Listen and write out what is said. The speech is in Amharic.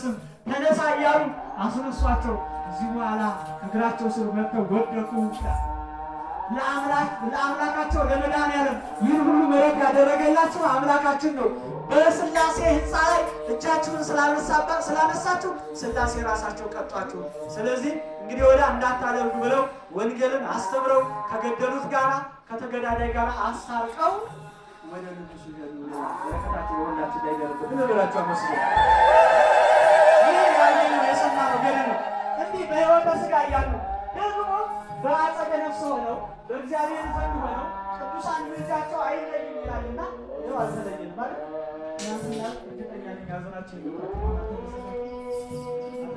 ስም ተነሳ እያሉ አስነሷቸው። እዚህ በኋላ እግራቸው ስር መጥተው ወደቁ። ለአምላካቸው ለመድኃኒዓለም ይህን ሁሉ መሬት ያደረገላቸው አምላካችን ነው። በስላሴ ህንፃ ላይ እጃችሁን ስላነሳችሁ ስላሴ ራሳቸው ቀጧችሁ። ስለዚህ እንግዲህ ወደ እንዳታደርጉ ብለው ወንጌልን አስተምረው ከገደሉት ጋራ ከተገዳዳይ ጋር አሳርቀው ወደ ንጉሱ ገዱ። በረከታቸው ወላችሁ ላይ ደረገ ብለላቸው አመስገ በሕይወተ ሥጋ እያሉ ደግሞ በአጸደ ነፍስ ሆነው በእግዚአብሔር ዘንድ ሆነው ቅዱሳን ምልጃቸው አይለይም ይላልና ይኸው አልተለየንም ማለት ናስና እርግጠኛ ያዘናቸው ይሆናል